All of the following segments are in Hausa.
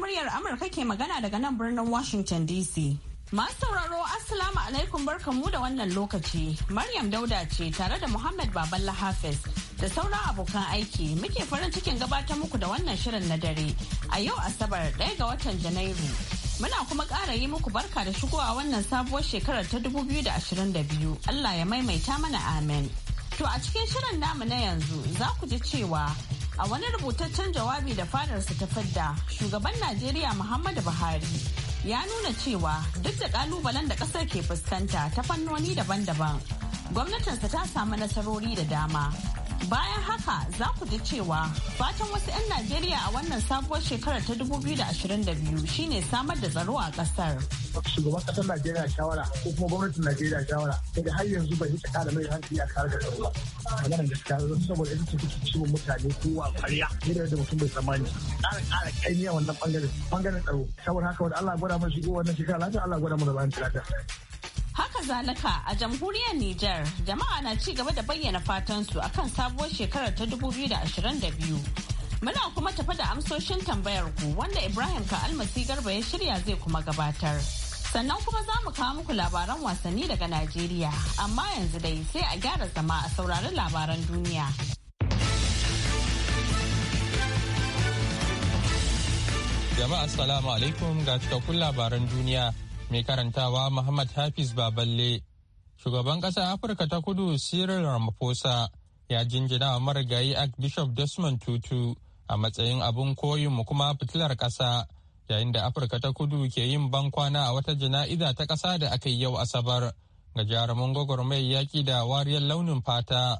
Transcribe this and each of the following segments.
muryar Amurka ke magana daga nan birnin Washington DC. Masu sauraro Assalamu alaikum barkanmu da wannan lokaci. Maryam Dauda ce tare da Muhammad Baballa Hafiz da sauran abokan aiki muke farin cikin gabatar muku da wannan shirin na dare a yau Asabar ɗaya ga watan Janairu. Muna kuma ƙara yi muku barka da shigowa wannan sabuwar shekarar ta dubu da da biyu. Allah ya maimaita mana amen. To a cikin shirin namu na yanzu za ku ji cewa A wani rubutaccen jawabi da fadarsa ta fadda, shugaban Najeriya Muhammadu Buhari ya nuna cewa duk da kalubalen da kasar ke fuskanta ta fannoni daban-daban, gwamnatinsa ta samu nasarori da dama. Bayan haka za ku ji cewa fatan wasu 'yan Najeriya a wannan sabuwar shekarar ta 2022 shine samar da tsaro a kasar. Shugaban kasar Najeriya shawara ko kuma gwamnatin Najeriya shawara daga har yanzu bai ta kada mai hankali a kare da tsaro ba. Maganar gaskiya saboda ita ce take mutane ko a kwariya yadda da mutum bai tsammani. Ƙara ƙara ƙaimiya wannan bangaren bangaren tsaro. Saboda haka wani Allah gwada mana shigo wannan shekara lafiya Allah gwada mana bayan lafiya. Haka zalika a jamhuriyar Nijar jama'a na ci gaba da bayyana fatan fatansu akan sabuwar shekarar ta 2022. Muna kuma tafa da amsoshin tambayar ku wanda Ibrahim ka almasi garba ya shirya zai kuma gabatar. Sannan kuma za mu kawo muku labaran wasanni daga Najeriya, amma yanzu dai sai a gyara zama a saurari labaran duniya. Jama'a assalamu alaikum ga cikakkun labaran duniya Mai karantawa Muhammad Hafiz Baballe, shugaban ƙasar Afirka ta kudu Cyril Ramaphosa ya jinjina wa marigayi Archbishop Desmond Tutu a matsayin abin mu kuma fitilar ƙasa yayin da Afirka ta kudu ke yin bankwana a wata jana'iza ta ƙasa da aka yi yau Asabar ga jarumin gwagwarmayar yaƙi da wariyar launin fata.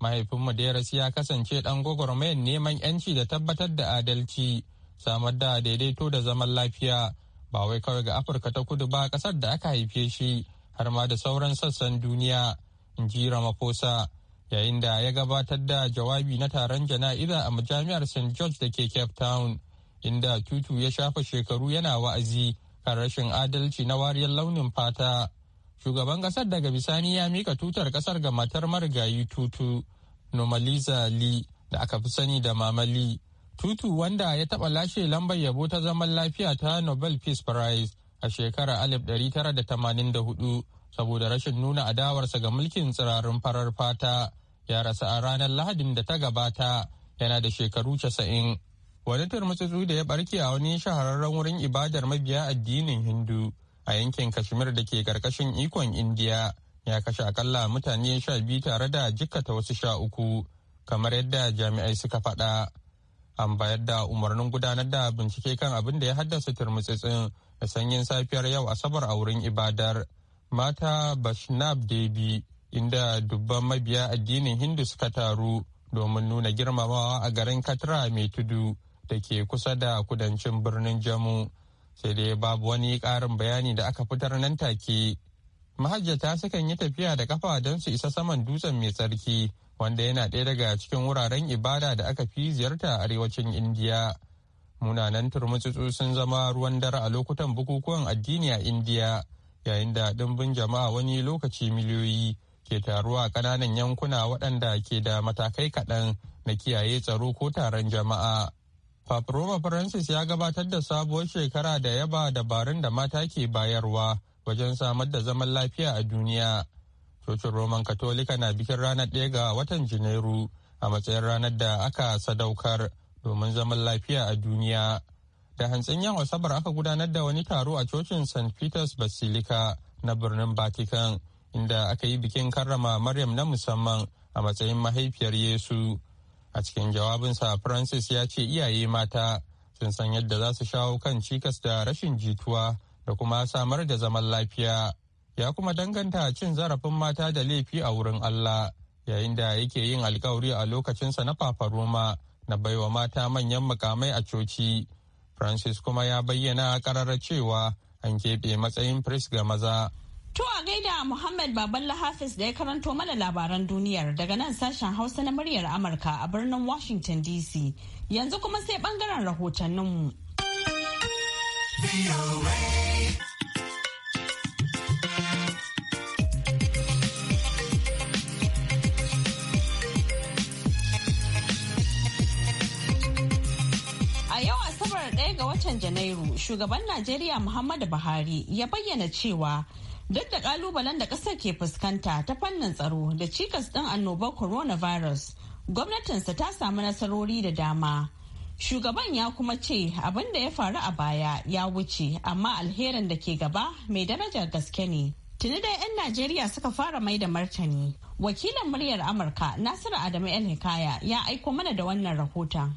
mahaifinmu da ya ya kasance ɗan gwagwarmayar neman 'yanci da tabbatar da adalci samar da daidaito da zaman lafiya ba wai kawai ga afirka ta kudu ba kasar da aka haife shi har ma da sauran sassan duniya in ji ramaphosa yayin da ya gabatar da jawabi na taron jana'iza a majami'ar st george da ke cape town inda tutu ya shafa shekaru yana wa'azi kan rashin adalci na wariyar launin fata shugaban kasar daga bisani ya mika tutar kasar ga matar marigayi tutu nomaliza li da aka fi sani da mamali Tutu wanda ya taɓa lashe lambar yabo ta zaman lafiya ta Nobel Peace Prize a shekarar 1984 saboda rashin nuna adawarsa ga mulkin tsirarin farar fata ya rasa a ranar Lahadin da ta gabata yana da shekaru casa'in. Wani turmutsutsu da ya barke a wani shahararren wurin ibadar mabiya addinin Hindu a yankin Kashmir da ke karkashin ikon Indiya ya kashe akalla mutane sha biyu tare da jikkata wasu sha uku kamar yadda jami'ai suka faɗa. an bayar da umarnin gudanar da bincike kan abin da ya haddasa turmutsitsin da sanyin safiyar yau asabar a wurin ibadar mata bashnab debi inda dubban mabiya addinin hindu suka taru domin nuna girmamawa a garin katra mai tudu da ke kusa da kudancin birnin jamu sai dai babu wani ƙarin bayani da aka fitar nan take mahajjata sukan yi tafiya da kafa don su isa saman dutsen mai tsarki wanda yana ɗaya daga cikin wuraren ibada da aka fi ziyarta a arewacin indiya munanan turmutsutsu sun zama ruwan dare a lokutan bukukuwan addini a indiya yayin da ɗimbin jama'a wani lokaci miliyoyi ke taruwa a ƙananan yankuna waɗanda ke da matakai kaɗan na kiyaye tsaro ko taron jama'a Paproma Francis ya gabatar da sabuwar shekara da yaba dabarun da mata ke bayarwa wajen samar da zaman lafiya a duniya. cocin roman katolika na bikin ranar ɗaya ga watan janairu a matsayin ranar da aka sadaukar domin zaman lafiya a duniya da hantsin yan asabar aka gudanar da wani taro a cocin st peters basilica na birnin vatican inda aka yi bikin karrama maryam na musamman a matsayin mahaifiyar yesu a cikin jawabinsa francis ya ce iyaye mata sun san yadda za su shawo kan cikas da rashin jituwa da kuma samar da zaman lafiya ya kuma danganta cin zarafin mata da laifi a wurin Allah yayin da yake yin alkawari a lokacinsa na fafaroma na baiwa mata manyan mukamai a coci. Francis kuma ya bayyana kararra cewa an keɓe matsayin Pris ga maza. To a gaida Muhammad Baballa Hafiz da ya karanto mana labaran duniyar daga nan sashen Hausa na muryar Amurka a birnin Washington DC. Yanzu kuma sai bangaren rahotanninmu. Janairu, shugaban Najeriya Muhammadu Buhari ya bayyana cewa duk da kalubalen da ƙasar ke fuskanta ta fannin tsaro da cikas ɗin annobar coronavirus, gwamnatinsa ta samu nasarori da dama. Shugaban ya kuma ce abin da ya faru a baya ya wuce, amma alherin da ke gaba mai darajar gaske ne. Tuni dai 'yan Najeriya suka fara mai da martani. Wakilin muryar Amurka Nasiru Adamu El Hikaya ya aiko mana da wannan rahoton.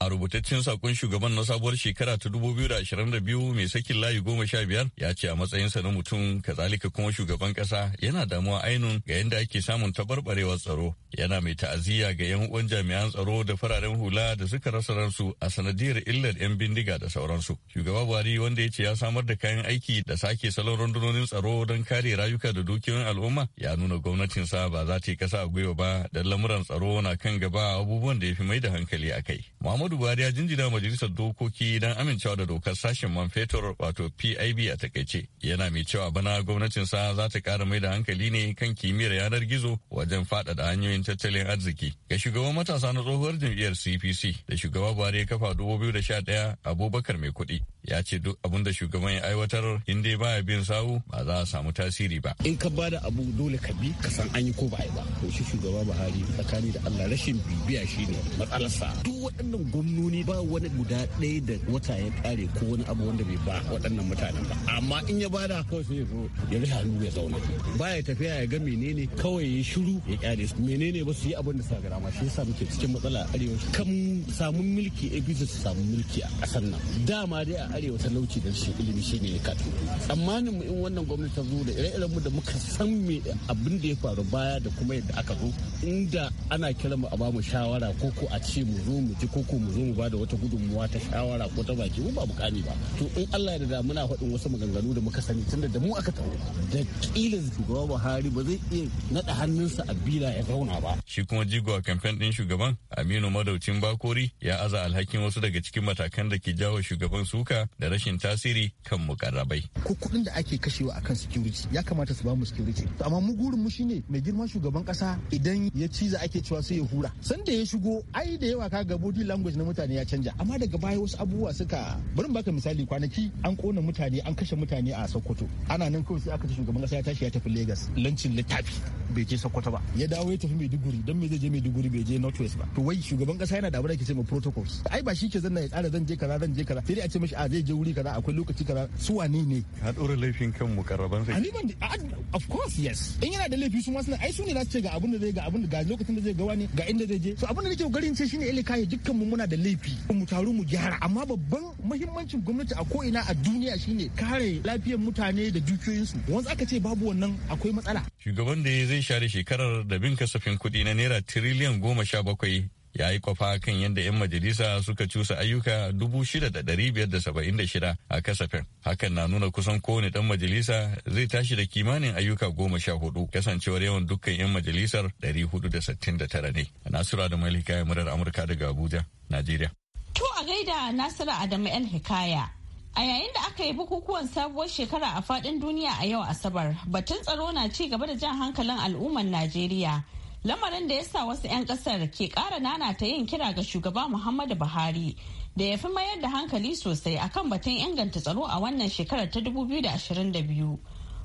A rubutaccen sakon shugaban na sabuwar shekara ta 2022 mai sakin layi goma sha biyar ya ce a matsayinsa na mutum kazalika kuma shugaban ƙasa yana damuwa ainun ga yadda ake samun tabarbarewar tsaro. Yana mai ta'aziyya ga yan uwan jami'an tsaro da fararen hula da suka rasa ransu a sanadiyar illar yan bindiga da sauransu. Shugaba Buhari wanda ya ce ya samar da kayan aiki da sake salon rundunonin tsaro don kare rayuka da dukiyoyin al'umma ya nuna gwamnatinsa ba za ta yi kasa a gwiwa ba da lamuran tsaro na kan gaba abubuwan da ya fi mai da hankali a kai. Muhammadu Buhari ya jinjina majalisar dokoki don amincewa da dokar sashen man fetur wato PIB a takaice. Yana mai cewa bana gwamnatin sa za ta kara mai da hankali ne kan kimiyyar yanar gizo wajen faɗaɗa hanyoyin tattalin arziki. Ga shugaban matasa na tsohuwar jam'iyyar CPC da shugaba Buhari ya kafa dubu biyu da sha ɗaya Abubakar mai kuɗi ya ce duk abin da shugaban ya aiwatar in dai baya bin sawu ba za a samu tasiri ba in ka bada abu dole ka bi ka san an yi ko ba yi ba to shi shugaba Buhari tsakani da Allah rashin bibiya shine matsalarsa duk waɗannan gwamnoni ba wani guda ɗaya da wata ya kare ko wani abu wanda bai ba waɗannan mutanen ba amma in ya bada kawai sai ya zo ya rufe hannu ya zauna baya tafiya ya ga menene kawai ya shiru ya kare su menene ba su yi abin da sa gara ma shi yasa muke cikin matsala arewa kan samun mulki eh, APC su samu mulki a ƙasar nan dama dai arewa talauci da shi ilimi shi ya kaɗu tsammanin mu in wannan gwamnati ta zo da ire-iren mu da muka san me abin da ya faru baya da kuma yadda aka zo inda ana kira mu a ba mu shawara ko ko a ce mu zo mu ji ko ko mu zo mu ba da wata gudunmuwa ta shawara ko ta baki mu ba mu kani ba to in Allah ya da muna faɗin wasu maganganu da muka sani tunda da mu aka tawo da kila shugaba Buhari ba zai iya naɗa hannunsa a bila ya zauna ba shi kuma jigo a kamfen ɗin shugaban Aminu Madaucin Bakori ya aza alhakin wasu daga cikin matakan da ke jawo shugaban suka da rashin tasiri kan mukarrabai. Ko kuɗin da ake kashewa akan security ya kamata su ba mu security. Amma mu gurin mu shine mai girma shugaban ƙasa idan ya ciza ake cewa sai ya hura. Sanda ya shigo ai da yawa ka ga body language na mutane ya canja amma daga baya wasu abubuwa suka bari baka misali kwanaki an kona mutane an kashe mutane a Sokoto. Ana nan kawai sai aka ce shugaban ƙasa ya tashi ya tafi Lagos lancin littafi bai je Sokoto ba. Ya dawo ya tafi Maiduguri dan me zai je Maiduguri bai je North West ba. To wai shugaban ƙasa yana da abin da ke ce ma protocols. Ai ba shi ke zanna ya tsara zan je kaza zan je kaza sai dai a ce mashi a ah, zai je wuri kaza akwai lokaci kaza su wane ne ka dora laifin kan karaban sai ni ban of course yes in yana da laifi su ma suna ai su ne za su ce ga abin da zai ga abin da ga lokacin da zai ga wani ga inda zai je so abin da nake kokarin ce shine ele kai dukkan mu muna da laifi mu taru mu gyara amma babban muhimmancin gwamnati a ko ina a duniya shine kare lafiyar mutane da dukiyoyinsu wanzu aka ce babu wannan akwai matsala shugaban da zai share shekarar da bin kasafin kuɗi na naira tiriliyan goma sha bakwai ya yi kwafa kan yadda 'yan majalisa suka cusa ayyuka 6,576 a kasafin hakan na nuna kusan kowane dan majalisa zai tashi da kimanin ayyuka goma sha hudu kasancewar yawan dukkan 'yan majalisar 469 ne nasura da malika ya murar amurka daga abuja najeriya to a gaida nasira adamu el hikaya A yayin da aka yi bukukuwan sabuwar shekara a faɗin duniya a yau Asabar, batun tsaro na ci gaba da jan hankalin al'ummar Najeriya lamarin da ya sa wasu 'yan kasar ke ƙara ta yin kira ga shugaba muhammadu buhari da ya fi mayar da hankali sosai akan batun inganta tsaro a wannan shekarar ta 2022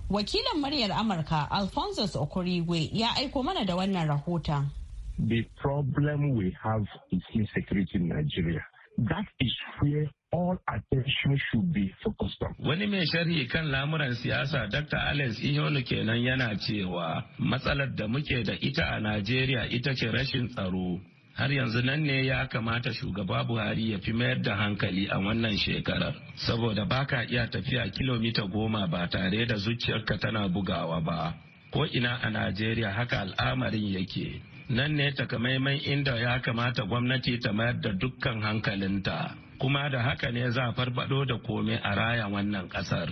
wakilin muryar amurka alphonsus okorigwe ya aiko mana da wannan rahoton the problem we have is insecurity in nigeria that is where all attention should be focused on. Wani mai sharhi kan lamuran siyasa Dr. Alex Ihonu kenan yana cewa matsalar da muke da ita a Najeriya ita ce rashin tsaro. Har yanzu nan ne ya kamata shugaba Buhari ya fi mayar da hankali a wannan shekarar, saboda baka iya tafiya kilomita goma ba tare da zuciyarka tana bugawa ba. Ko ina a Najeriya haka al'amarin yake. Nan ne takamaiman inda ya kamata gwamnati ta mayar da dukkan hankalinta. kuma da haka ne za a farfado da komai a raya wannan kasar.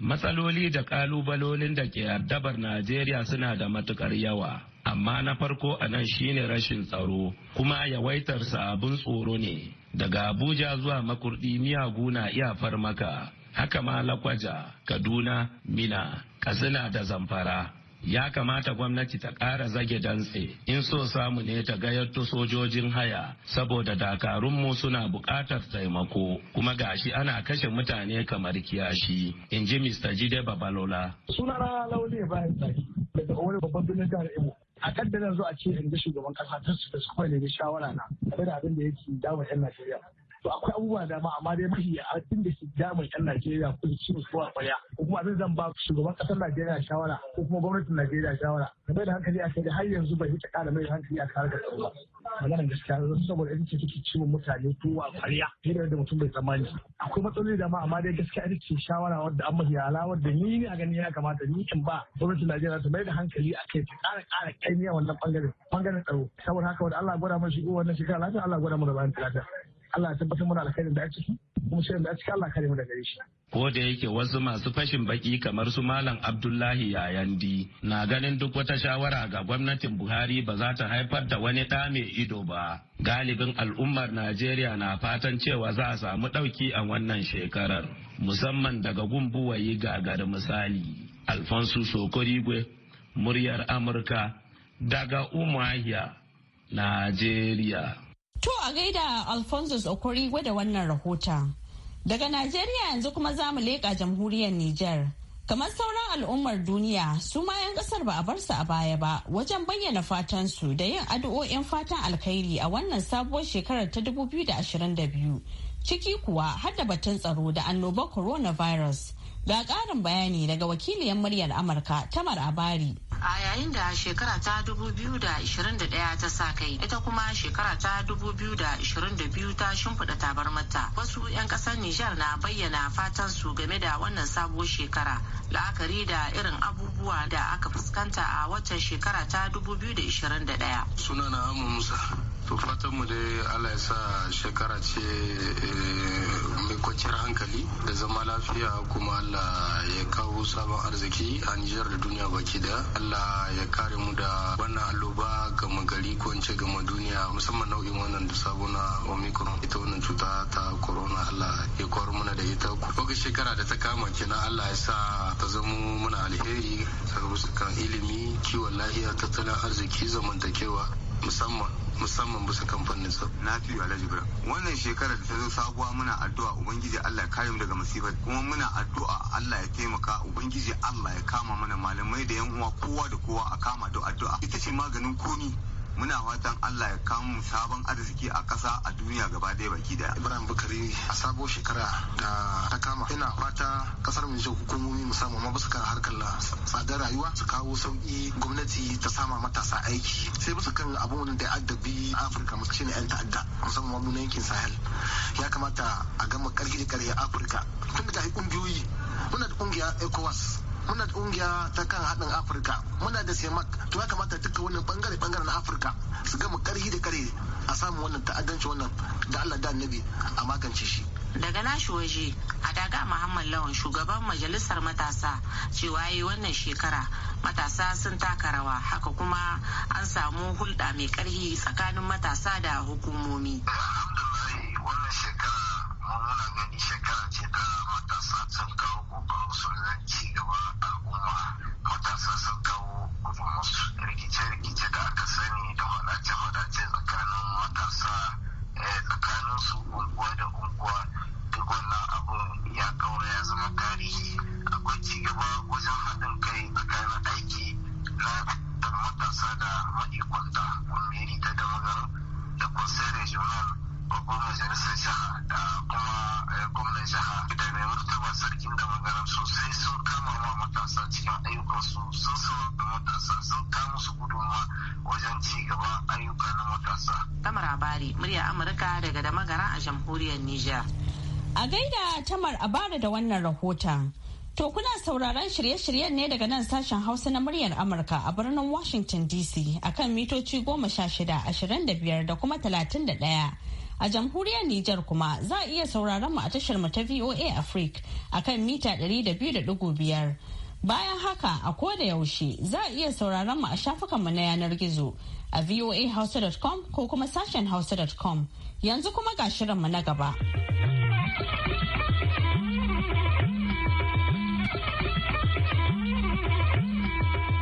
Matsaloli da kalubalolin da ke addabar Najeriya suna da matukar yawa, amma na farko a nan shine rashin tsaro, kuma yawaitar abin tsoro ne. Daga Abuja zuwa makurdi miyagu na iya farmaka, haka ma Lakwaja, Kaduna, Mina, Katsina da Zamfara. ya kamata gwamnati ta ƙara zage dantse in so samu ne ta gayyato sojojin haya saboda dakarunmu suna buƙatar taimako kuma gashi ana kashe mutane kamar kiyashi in ji mr jide babalola sunana lauli bayan zaki. daga wani babban birnin jihar imo a zan zo a ce in ji shugaban kasa ta su da su kawai ne shawara na da abin da yake dawa yan najeriya to akwai abubuwa da dama amma dai mafi abin da ke damun yan Najeriya ko ciwon su a kwaya ko kuma abin zan ba shugaban kasar Najeriya shawara ko kuma gwamnatin Najeriya shawara game da hankali a kai da har yanzu bai ta kara mai hankali a kare da tsaro ba maganar gaskiya saboda ita ce take ciwon mutane ko a kwariya fiye da mutum bai tsammani akwai matsaloli da ma amma dai gaskiya ita ce shawara wadda an mafi ala wadda ni ne a gani ya kamata ni in ba gwamnatin Najeriya ta mai da hankali a kai ta kara kara kaimiya wannan bangaren bangaren tsaro saboda haka wanda Allah ya gwada mana shi wannan shekara lafiya Allah ya gwada mana bayan talata Allah ya tabbatar mana alkhairin da a ciki kuma shirin da a ciki Allah kare mu daga shi. Ko da yake wasu masu fashin baki kamar su Malam Abdullahi Yayandi na ganin duk wata shawara ga gwamnatin Buhari ba za ta haifar da wani ɗa mai ido ba. Galibin al'ummar Najeriya na fatan cewa za a samu ɗauki a wannan shekarar musamman daga gumbuwayi gagari misali. Alfonso Sokorigwe, muryar Amurka daga Umuahia, Najeriya. To a gaida Alphonsus Okori da wannan rahoton. Daga Najeriya yanzu kuma za mu leƙa jamhuriyar Nijar. Kamar sauran al'ummar duniya, su ma 'yan kasar ba a bar su a baya ba wajen bayyana fatan su da yin addu'o'in fatan alkhairi a wannan sabuwar shekarar ta 2022. Ciki kuwa har da batun tsaro da annobar coronavirus. Ga ƙarin bayani daga wakiliyar muryar Amurka Tamar Abari. a yayin da shekara ta 2021 ta sa kai ita kuma shekara ta 2022 ta shimfiɗa tabarmata, wasu 'yan ƙasar Nijar na bayyana fatan su game da wannan sabuwar shekara la'akari da irin abubuwa da aka fuskanta a watan shekara ta 2021 sunana Amu Musa to fatan mu dai Allah ya sa shekara ce eh, mai kwanciyar hankali da zama lafiya kuma Allah ya kawo sabon arziki a Nijar da duniya baki da Allah ya kare mu da wannan alloba gama magari ko in ce gama duniya musamman nau'in wannan da sabo na omicron ita wannan cuta ta corona Allah ya kwaro muna da ita ku. ga shekara da ta kama kenan Allah ya sa ta zama muna alheri sakamakon ilimi kiwon lafiya tattalin arziki zamantakewa musamman musamman bisa kamfanin sa na fi alhaji bra wannan shekarar da ta zo sabuwa muna addu'a ubangiji Allah ya kare mu daga masifar kuma muna addu'a Allah ya taimaka ubangiji Allah ya kama mana malamai da yan uwa kowa da kowa a kama da addu'a ita ce maganin komi muna fatan Allah ya kawo mu sabon arziki a ƙasa a duniya gaba ɗaya baki da Ibrahim Bukari a sabo shekara da ta kama ina fata kasar mu hukumomi musamman ma basu kan harkar tsadar rayuwa su kawo sauki gwamnati ta sama matasa aiki sai basu kan abun da addabi Afirka musu ne yan ta'adda musamman mu na yankin Sahel ya kamata a gama karfi da karfi Afirka tun da ta ƙungiyoyi. muna da kungiya ECOWAS muna da kungiya ta kan haɗin afirka muna da semak to ya kamata duka wannan bangare bangare na afirka su gama karhi da kare a samu wannan ta'addanci wannan da allah da annabi a magance shi daga nashi waje a daga muhammad lawan shugaban majalisar matasa cewa yi wannan shekara matasa sun taka rawa haka kuma an samu hulɗa mai karhi tsakanin matasa da hukumomi wannan shekara muna gani shekara ce murya Amurka daga da magana a jamhuriyar Nijar. A gaida Tamar a bada da wannan rahoton. To kuna sauraron shirye-shiryen ne daga nan sashen Hausa na muryar Amurka a birnin Washington DC akan mitoci goma sha shida, ashirin da biyar da kuma talatin da ɗaya. A jamhuriyar Nijar kuma za a iya sauraron mu a tashar mu ta VOA Africa akan mita ɗari da biyu da ɗigo biyar. Bayan haka a koda yaushe za a iya sauraron mu a mu na yanar gizo a voahausa.com ko kuma sashen hausa.com yanzu kuma ga shirin mu na gaba.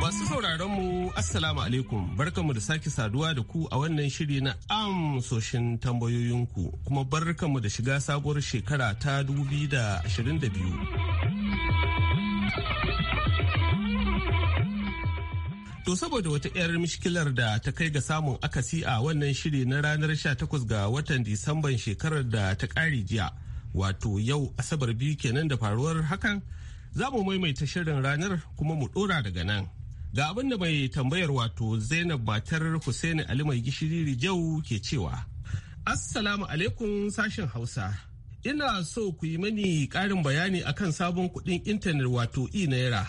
Masu sauraron mu Assalamu alaikum barkanmu da sake saduwa da ku a wannan shiri na amsoshin tambayoyinku kuma barkanmu da shiga sabuwar shekara ta 2022. To saboda wata 'yar mishkilar da ta kai ga samun akasi a wannan shiri na ranar 18 ga watan Disamban shekarar da ta ƙari jiya, wato yau Asabar biyu kenan da faruwar hakan, za mu maimaita shirin ranar kuma mu ɗora daga nan. Ga abin da mai tambayar wato Zainab Batar Hussaini Ali mai gishiri Rijau ke cewa. Assalamu alaikum sashen Hausa. Ina so ku yi mani ƙarin bayani akan sabon kuɗin intanet wato e-naira.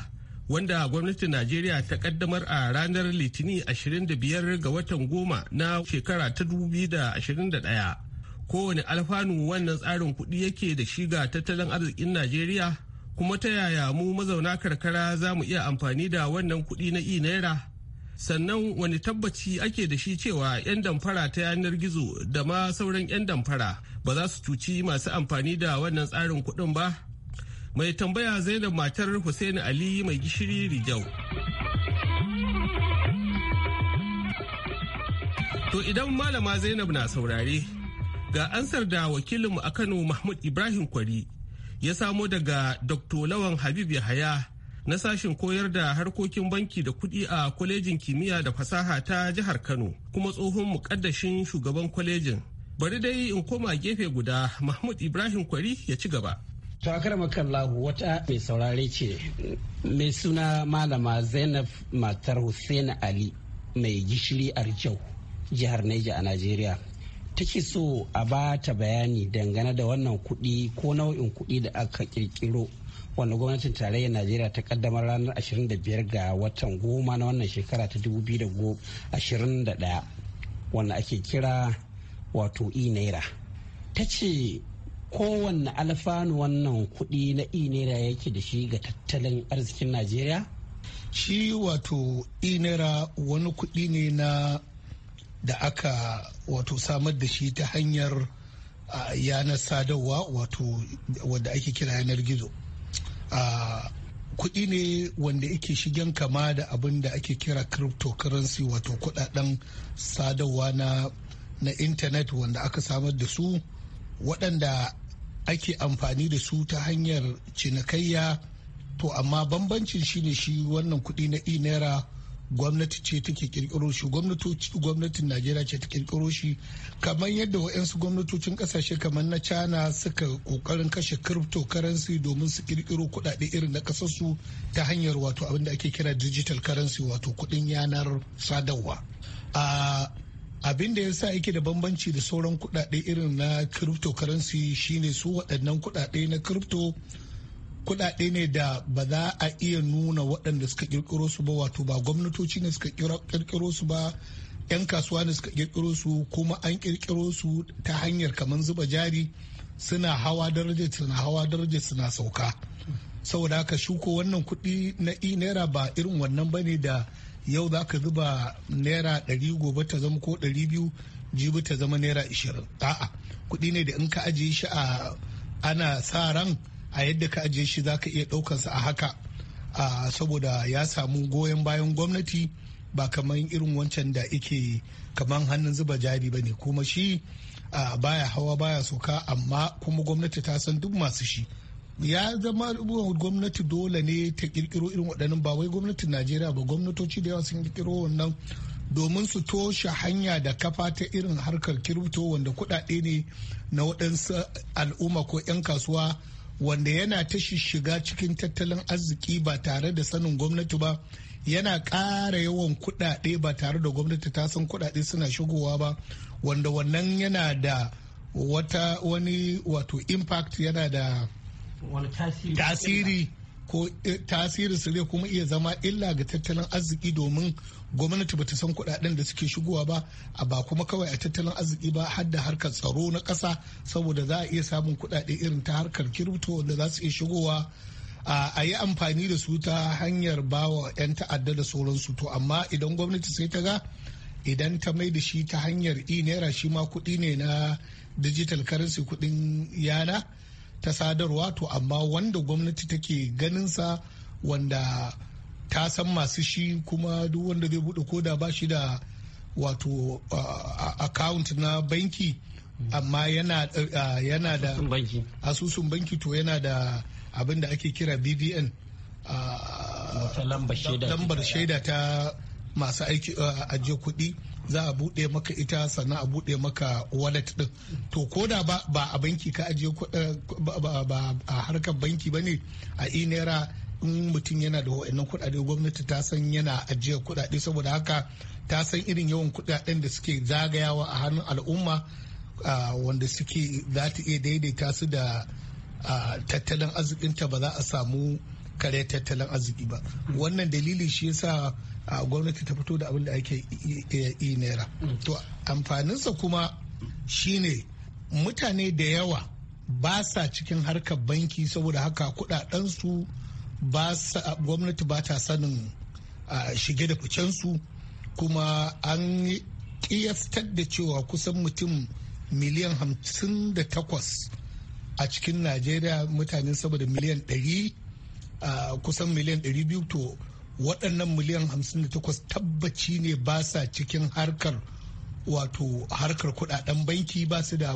wanda gwamnatin Najeriya ta kaddamar a ranar Litini 25 ga watan goma na shekara ta 2021. Kowane alfanu wannan tsarin kuɗi yake da shi ga tattalin arzikin Najeriya kuma ta yaya mu mazauna karkara za mu iya amfani da wannan kuɗi na naira sannan wani tabbaci ake da shi cewa 'yan damfara ta yanar gizo da ma sauran 'yan damfara ba za su cuci masu amfani da wannan tsarin kuɗin ba mai tambaya zainab matar Hussein Ali mai gishiri Rijau. To idan malama Zainab na saurare ga ansar da wakilinmu a Kano Mahmud Ibrahim Kwari ya samo daga Dr. Lawan Habib Yahaya na sashen koyar da harkokin banki da kuɗi a kwalejin kimiyya da fasaha ta jihar Kano kuma tsohon muƙaddashin shugaban kwalejin. Bari dai in koma gefe guda Mahmud Ibrahim Kwari ya ci gaba. To akaramakan lahu wata mai saurare ce mai suna malama Zainab matar Hussein Ali mai gishiri a Arjau jihar Neja a Najeriya. Take so a ba ta bayani dangane da wannan kuɗi ko nau'in kuɗi da aka kirkiro wanda gwamnatin tarayyar Najeriya ta kaddamar ranar 25 ga watan goma na wannan shekara ta 2021 wanda ake kira wato e naira. Ta ce kowanne alfanu wannan kuɗi na inera yake da shi ga tattalin arzikin najeriya shi wato inera wani kuɗi ne na da aka wato samar da shi ta hanyar yanar sadarwa wato wadda ake kira yanar gizo kuɗi ne wanda yake shigen kama da abin da ake kira cryptocurrency wato kudaden sadarwa na na intanet wanda aka samar da su waɗanda ake amfani da su ta hanyar cinikayya to amma bambancin shine shi wannan kuɗi na e naira gwamnati ce take kirkiro shi gwamnatin najeriya ce ta kirkiro shi kamar yadda wa'yansu gwamnatocin ƙasashe kamar na china suka kokarin kashe cryptocurrency domin su kirkiro kuɗaɗe irin na kasarsu ta hanyar wato abin da ake kira digital currency wato kuɗin yanar sadarwa ah, abin da ya sa yake da bambanci da sauran kudade irin na cryptocurrency shine su waɗannan kudade na crypto kudade ne da ba za a iya nuna waɗanda suka kirkiro su ba wato ba gwamnatoci ne suka kirkiro su ba 'yan kasuwa ne suka kirkiro su kuma an kirkiro su ta hanyar kamar zuba jari suna hawa darajar suna hawa darajar suna sauka saboda haka shuko wannan kuɗi na naira ba irin wannan bane da yau za ka zuba naira ɗari gobe ta zama ko ɗari biyu jibi ta zama naira ishirin a'a kuɗi ne da in ka ajiye shi a ana sa ran a yadda ka ajiye shi za ka iya ɗaukansa a haka saboda ya samu goyon bayan gwamnati ba kamar irin wancan da ike kamar hannun zuba jari ba ne kuma shi baya hawa baya soka amma kuma gwamnati ta san duk masu shi ya zama gwamnati dole ne ta kirkiro irin waɗannan ba wai gwamnatin najeriya ba gwamnatoci da yawa sun kirkiro wannan domin su toshe hanya da kafa ta irin harkar kirifto wanda kuɗaɗe ne na waɗansu al'umma ko 'yan kasuwa wanda yana ta shiga cikin tattalin arziki ba tare da sanin gwamnati ba yana ƙara yawan kuɗaɗe ba tare da gwamnati ta san kuɗaɗe suna shigowa ba wanda wannan yana da wata wani wato impact yana da wani tasiri ko eh, tasiri su zai kuma iya zama illa ga tattalin arziki domin gwamnati bata san kudaden da suke shigowa ba a ba kuma kawai a tattalin arziki ba har da harkar tsaro na kasa saboda za a iya samun kudade irin ta harkar kirifto da za su iya shigowa a yi amfani da su ta hanyar bawa 'yan ta'adda da sauransu to amma idan gwamnati sai ta ga idan ta mai da shi ta hanyar e naira shi ma kuɗi ne na digital currency kuɗin yana ta sadarwa to amma wanda gwamnati take ganin sa wanda ta san masu shi kuma duk wanda zai bude koda ba shi da wato account na banki amma yana da asusun banki to yana da abin da ake kira bbn lambar shaida ta masu aiki ajiye kuɗi za a buɗe maka ita sannan a buɗe maka wallet ɗin to ko da ba a banki ka ajiye ba a harkar banki ba ne a inera in mutum yana da wa'annan kuɗaɗe gwamnati ta san yana ajiye kuɗaɗe saboda haka ta san irin yawan kuɗaɗen da suke zagayawa a hannun al'umma wanda suke za ta iya daidaita su da tattalin arzikinta ba za a samu kare tattalin arziki ba wannan dalili shi yasa a gwamnati ta fito da abin da ake yi naira to amfaninsa kuma shine mutane da yawa ba sa cikin harkar banki saboda haka kudadensu gwamnati ba ta sanin shige da ficensu kuma an kiyastar da cewa kusan mutum miliyan hamsin da takwas a cikin najeriya mutane saboda miliyan ɗari kusan miliyan ɗari to waɗannan miliyan 58 tabbaci ne ba sa cikin harkar wato harkar kudaden banki ba su da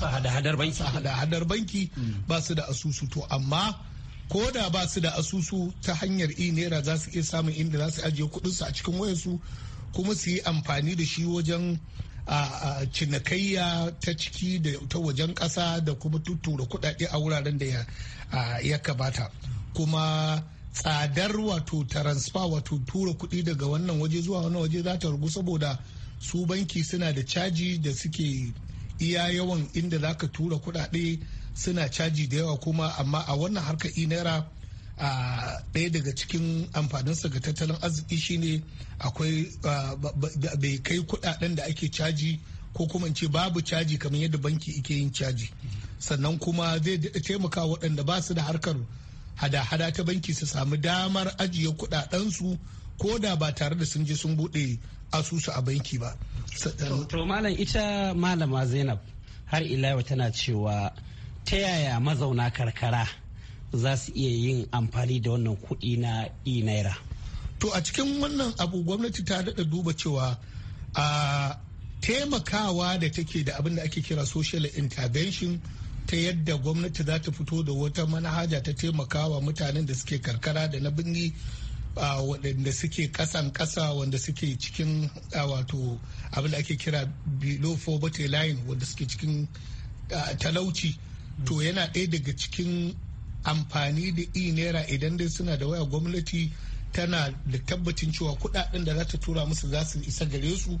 hada-hadar banki ba su da asusu to amma ko da ba su da asusu ta hanyar i naira za su iya samun inda za su ajiye kudinsu a cikin wayansu kuma su yi amfani da shi wajen cinikayya ta ciki da ta wajen ƙasa da kuma tuttura kudade a wuraren da ya kamata kuma tsadar wato transfer wato tura kuɗi daga wannan waje zuwa wannan waje za ta rugu saboda su banki suna da caji da suke iya yawan inda za ka tura kuɗaɗe suna caji da yawa kuma amma a wannan harkar i naira a ɗaya daga cikin amfaninsa ga tattalin arziki shine akwai bai kai kuɗaɗen da ake caji ko kuma in ce babu caji kamar yadda banki ike yin caji sannan kuma zai taimaka waɗanda ba su da harkar hada-hada ta banki su samu damar ajiye kudadensu ko da ba tare da sun je sun bude asusu a banki ba. Um, to malam ita malama Zainab har ila tana cewa ta yaya mazauna karkara za su iya yin amfani da wannan kuɗi na e naira. To a cikin wannan abu gwamnati ta daɗa duba cewa a taimakawa da take da abin da ake kira social intervention ta yadda gwamnati za ta fito da wata manhaja ta taimakawa mutanen da suke karkara da na birni waɗanda suke ƙasan ƙasa wanda suke cikin wato abin da ake kira below poverty line wanda suke cikin talauci to yana ɗaya daga cikin amfani da i naira idan dai suna da waya gwamnati tana da tabbacin cewa kuɗaɗen da za ta tura musu za su isa gare su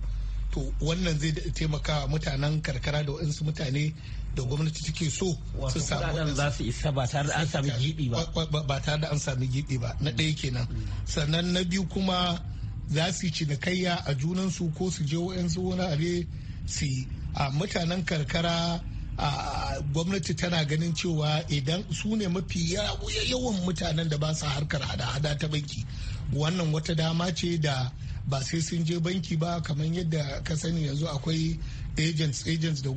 to wannan zai taimaka mutanen karkara da waɗansu mutane da gwamnati take so su samu za su isa ba tare da an sami gibi ba ba tare da an sami gibi ba na ɗaya kenan sannan na biyu kuma za su cinikayya a junan su ko su je wa'yansu wani are su a mutanen karkara a gwamnati tana ganin cewa idan su ne mafi yawan mutanen da ba su harkar hada-hada ta banki wannan wata dama ce da ba sai sun je banki ba kamar yadda ka sani yanzu akwai agents agents da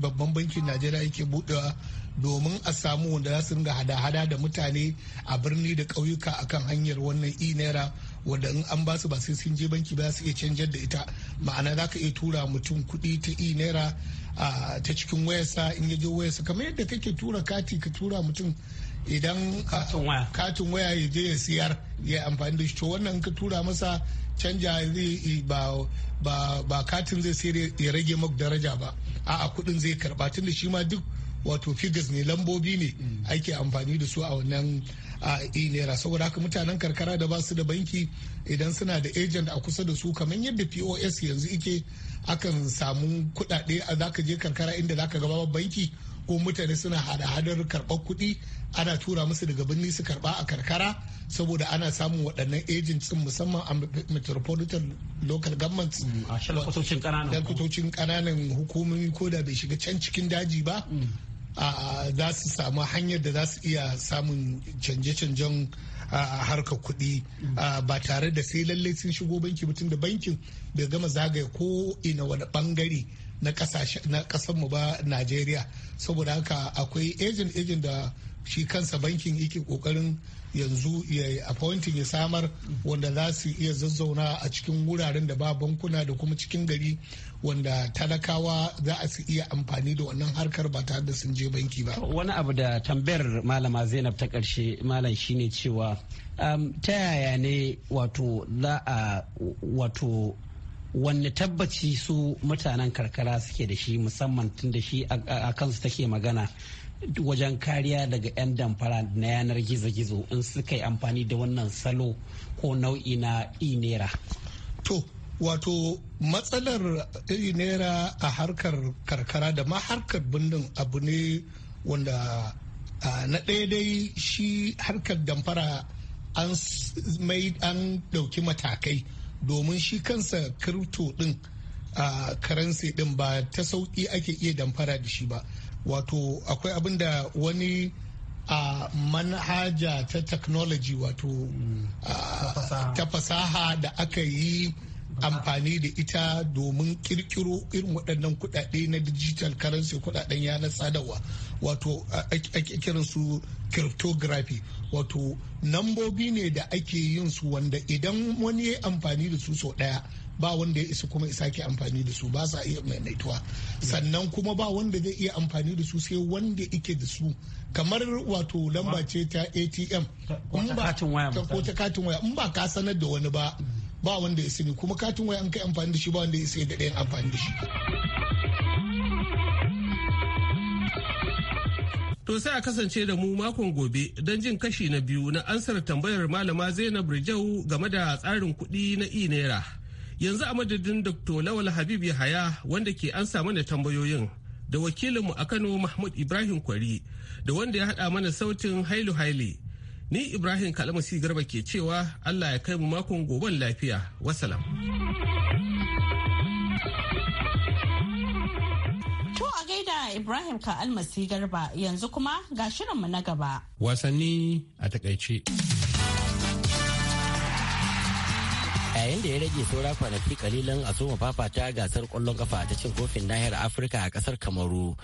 babban bankin najeriya yake budewa domin a samu wanda za su ringa hada-hada da mutane a birni da ƙauyuka akan hanyar wannan e naira wanda in an basu ba sai sun je banki ba su iya canjar da ita ma'ana za ka iya tura mutum kuɗi ta e naira ta cikin wayarsa in ya je wayarsa kamar yadda kake tura kati ka tura mutum idan katin waya ya je ya siyar ya amfani da shi to wannan ka tura masa canja ba ba katin zai sayar ya rage maka daraja ba a'a kudin zai karba tunda shi ma duk wato figures ne lambobi ne mm. ake amfani da su a wannan a naira saboda haka mutanen karkara da ba su da banki idan suna da agent a kusa da su kamar yadda pos yanzu ike akan samu kudade a zaka je karkara inda zaka gaba banki ko mutane suna hada-hadar karɓar kuɗi ana tura musu daga birni su karɓa a karkara saboda ana samun waɗannan agents musamman a metropolitan local government mm, a kutocin ƙananan hukumomi ko da bai shiga can cikin daji ba mm. za su samu hanyar da za su iya samun canje-canjen harkar kuɗi mm. ba tare da sai lallai sun shigo banki mutum da bankin bai gama zagaya ko ina wani bangare na kasan mu ba najeriya saboda haka akwai ejin ejin da shi kansa bankin yake kokarin yanzu ya appointing ya samar wanda za su iya zazzauna a cikin wuraren da ba bankuna da kuma cikin gari wanda talakawa za a su iya amfani da wannan harkar ba tare da sun je banki ba wani abu da tambayar malama zainab ta karshe malam shine cewa um, ta yaya ne wato za a wato wanne tabbaci su mutanen karkara suke da shi musamman tun da shi a kansu take magana wajen kariya daga 'yan damfara na yanar gizo-gizo in suka yi amfani da wannan salo ko nau'i na inera to wato matsalar inera a harkar karkara da ma harkar birnin abu ne wanda na ɗaya dai shi harkar damfara an ɗauki matakai domin shi kansa kirto din a karansi din ba ta sauki ake iya damfara da shi ba wato akwai abin da wani a manhaja ta technology wato ta fasaha da aka yi amfani da ita domin kirkiro irin waɗannan kuɗaɗe na digital currency kuɗaɗen yanar sadarwa wato ake kiran su cryptography wato nambobi ne da ake yin su wanda idan wani ya amfani da su sau daya ba wanda ya isa kuma isa ke amfani da su ba sa iya maimaituwa sannan kuma ba wanda zai iya amfani da su sai wanda ike da su kamar wato lamba ce ta atm ko ta katin waya in ba ka sanar da wani ba ba wanda ya sani kuma katin waya an kai amfani da shi ba wanda ya sai da ɗayan amfani da shi To sai a kasance da mu makon gobe don jin kashi na biyu na ansar tambayar malama Zainab Rijau game da tsarin kuɗi na e-naira. Yanzu a madadin Dr. Lawal Habib Yahaya wanda ke ansa mana tambayoyin da wakilinmu a Kano Mahmud Ibrahim Kwari da wanda ya haɗa mana sautin Hailu Haile. Ni Ibrahim Kalamasi Garba ke cewa Allah ya kai mu makon goben lafiya. Wasalam. gaida Ibrahim ka almasi garba yanzu kuma ga shirinmu na gaba. Wasanni a takaice. yayin da ya rage saura kwanaki kalilan a soma fafata gasar kwallon kafa ta cin kofin nahiyar afirka a kasar kamaru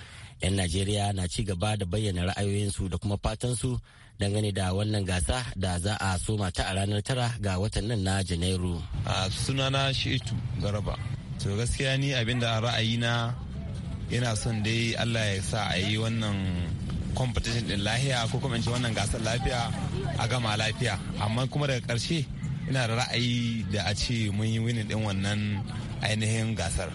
yan najeriya na ci gaba da bayyana ra'ayoyinsu da kuma fatansu dangane da wannan gasa da za a soma ta a ranar tara ga watan nan na janairu a sunana shi'itu garaba to gaskiya ni abinda a ra'ayina yana son dai allah ya sa a yi wannan competition din lafiya ko kuma in ce wannan gasar lafiya a gama lafiya amma kuma daga karshe ina da ra'ayi da a ce mun yi winin din wannan ainihin gasar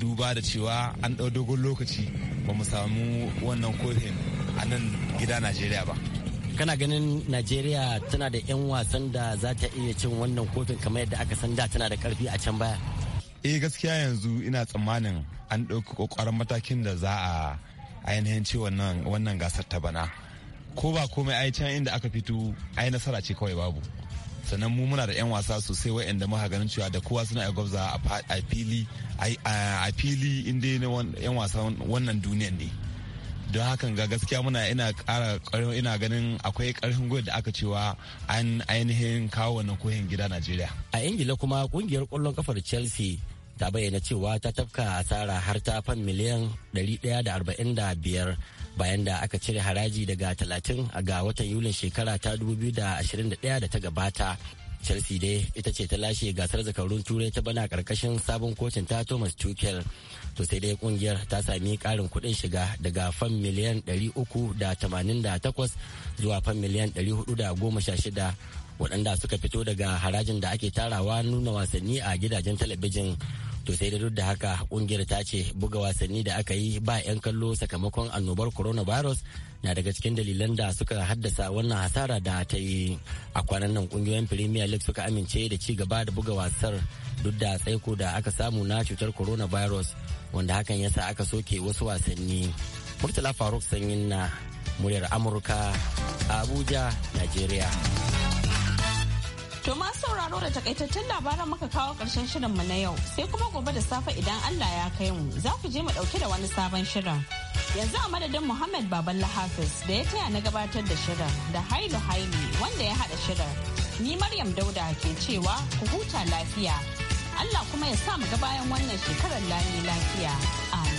duba da cewa an ɗau dogon lokaci ba mu samu wannan kofin a nan gida najeriya ba kana ganin najeriya tana da 'yan wasan da za ta iya cin wannan kofin kamar yadda aka san da tana da karfi a can baya eh gaskiya yanzu ina tsammanin an ɗauki ƙoƙarin matakin da za a ainihin ce wannan gasar ta bana ko ba komai ai can inda aka fito ai nasara ce kawai babu sannan mu muna da 'yan wasa sosai wa'anda muka ganin cewa da kowa suna gwabza a fili a fili inda 'yan wasa wannan duniyan ne don hakan ga gaskiya muna ina kara ƙarfin ina ganin akwai ƙarfin gwiwa da aka cewa an ainihin kawo wannan kohin gida najeriya a ingila kuma kungiyar ƙwallon kafar chelsea ta bayyana cewa ta tafka asara har ta fan miliyan 145 bayan da aka cire haraji daga 30 ga watan yulin shekara ta 2021 da ta gabata chelsea dai ita ce ta lashe gasar zakarun turai ta bana karkashin sabon kocin ta thomas tuchel to sai dai kungiyar ta sami karin kudin shiga daga fan miliyan 388 zuwa fan miliyan 416 waɗanda suka fito daga harajin da ake tarawa nuna wasanni a gidajen talabijin to sai da duk da haka kungiyar ta ce buga wasanni da aka yi ba 'yan kallo sakamakon annobar coronavirus na daga cikin dalilan da suka haddasa wannan hasara da ta yi a kwanan nan kungiyoyin premier league suka amince da ci gaba da buga wasar duk da tsaiko da aka samu na cutar coronavirus wanda hakan yasa aka soke wasu wasanni murtala faruk sanyin na muryar amurka abuja nigeria To ma sauraro da takaitaccen labaran muka kawo karshen mu na yau sai kuma gobe da safe idan Allah ya kai mu za ku je mu ɗauke da wani sabon shirin. Yanzu a madadin Muhammad Baballa Hafiz da ya taya na gabatar da shirin da Hailu Haili wanda ya haɗa shirin. Ni Maryam Dauda ke cewa ku huta lafiya. Allah kuma ya sa mu ga bayan wannan shekarar lami lafiya. Amin.